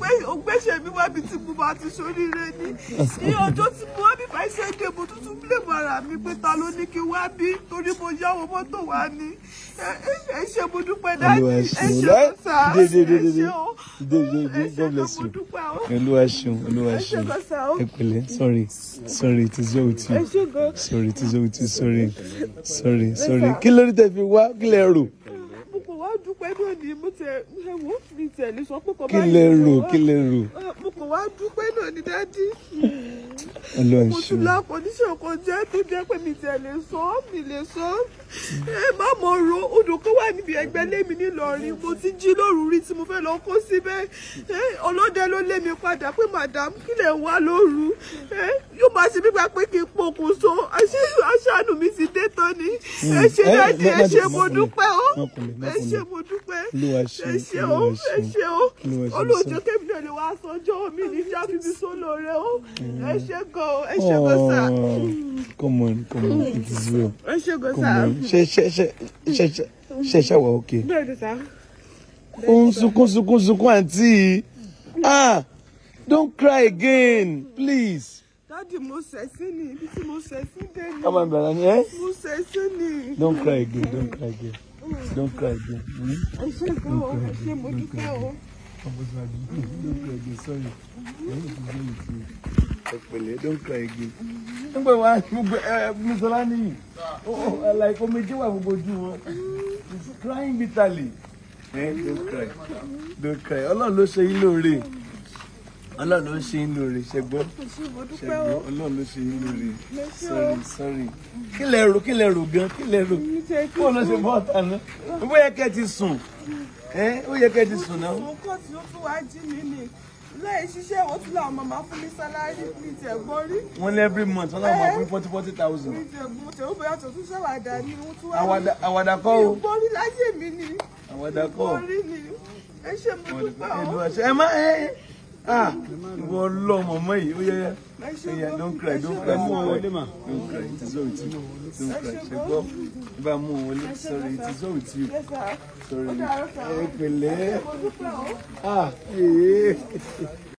pé ògbésẹ̀ mi wá bí tí mo máa ti ṣoríire ní ní ọjọ́ tí mo wá bí fàìsẹ́ dé mo tún lè mọ ara mi pé ta ló ní kí wá bí torí mo yáwó mọ́tò wá ní ẹ ṣe mo dúpẹ́ dájú ẹ ṣe mo ẹ ṣe o ẹ ṣe mo olúwa ṣeun olúwa ṣeun ẹ sorry sorry it is your duty sorry it is your duty sorry sorry sorry kí lórí fi wá kí lẹ rò dúpẹ́ náà ni mo tẹ ẹ wò mí tẹ̀lé sọ pé kò bá yẹ kí lè rò mo kàn wá dúpẹ́ náà ni dádì. mo tún lọ kọ́ndíṣàn jẹ́ tó jẹ́ pé mi tẹ̀lé sọ mi lè sọ. ẹ má mọ ro odò kan wà níbi ẹgbẹ́ lémi nílọrin mo ti jí lóru rí tí mo fẹ́ lọ kó síbẹ̀ ọlọ́dẹ ló lé mi padà pé madam kí lè wá lóru yóò máa ṣe gbígbà pé kí n pokùnso aṣáánú mi ti dé tán ni ẹ ṣe dáadé ẹ ṣe mo dúpẹ́ o ẹ ṣe mo dúpẹ́ olúwa ṣe olúwa ṣe olùjọ kẹ́mi náà lè wá sọjọ́ mi ní jáfíbi sólóore o ẹ ṣe gan ẹ ṣe gan sá. Oh, come on come on it is well ẹ ṣe gan sá. ṣe ṣe ṣe ṣe ṣe ṣe ṣe wà òkè. bẹ́ẹ̀ni sá. ó ń sunkún sunkún sunkún àǹtí ah don't cry again please dáàdì mo sẹ̀sí ni ibi tí mo sẹ̀sí dé ni. ọmọ ìbàdàn ni ẹ. mo sẹ̀sí ni. don't cry again don't cry again. Don't cry again. Ẹ ṣe gan o, ẹ ṣe mo dúpẹ́ o. Don't cry àbí don't cry again Don't cry ti gbé ìtì ẹ̀pẹ̀lẹ̀ don't cry again. Don't wá gbogbo ẹ Mísọ́lá nìyí, àlàyé omijé wà gbogbo ojú wọn. He's crying bitterly. Eh, don't cry, don't cry. Ọlọ́run ló ṣe yín lóore ọlọ́run ló ṣe ń lóore ṣẹgbọ́ ṣẹgbọ́ ọlọ́run ló ṣe ń lóore sorry sorry kí lẹ rò kí lẹ rò gan kí lẹ rò kó ló ṣe bọ́ ọ̀tá náà ó yẹ kẹ́ ti sùn ó yẹ kẹ́ ti sùn náà. mo kọ́ tí ó tún jí mi ni lẹ́yìn ṣiṣẹ́ ìwọ tí làwọn màmá fún mi sálárì ní ìtẹ̀gbọ́n rí. wọ́n lé every month wọ́n làwọn máa fún forty forty thousand. ìtẹ̀gbọ́n tẹ̀wọ́n bóyá tó tún ṣàwàdà ni wọ́n tún wá ní. àwàdà kọ́ o. ìgbórí láyé mi ni. àwàdà kọ́ o. ìgbórí ni. ẹ ṣe mo dúpẹ́ o. ẹ má ẹ ah ìwọ ọlọmọ mọ yìí ó yeah. don't cry don't cry don't cry don't cry it is all with you don't cry ṣẹgbọ ibà sorry it is all with you sorry ẹ pẹ̀lẹ́ ah ee. Eh.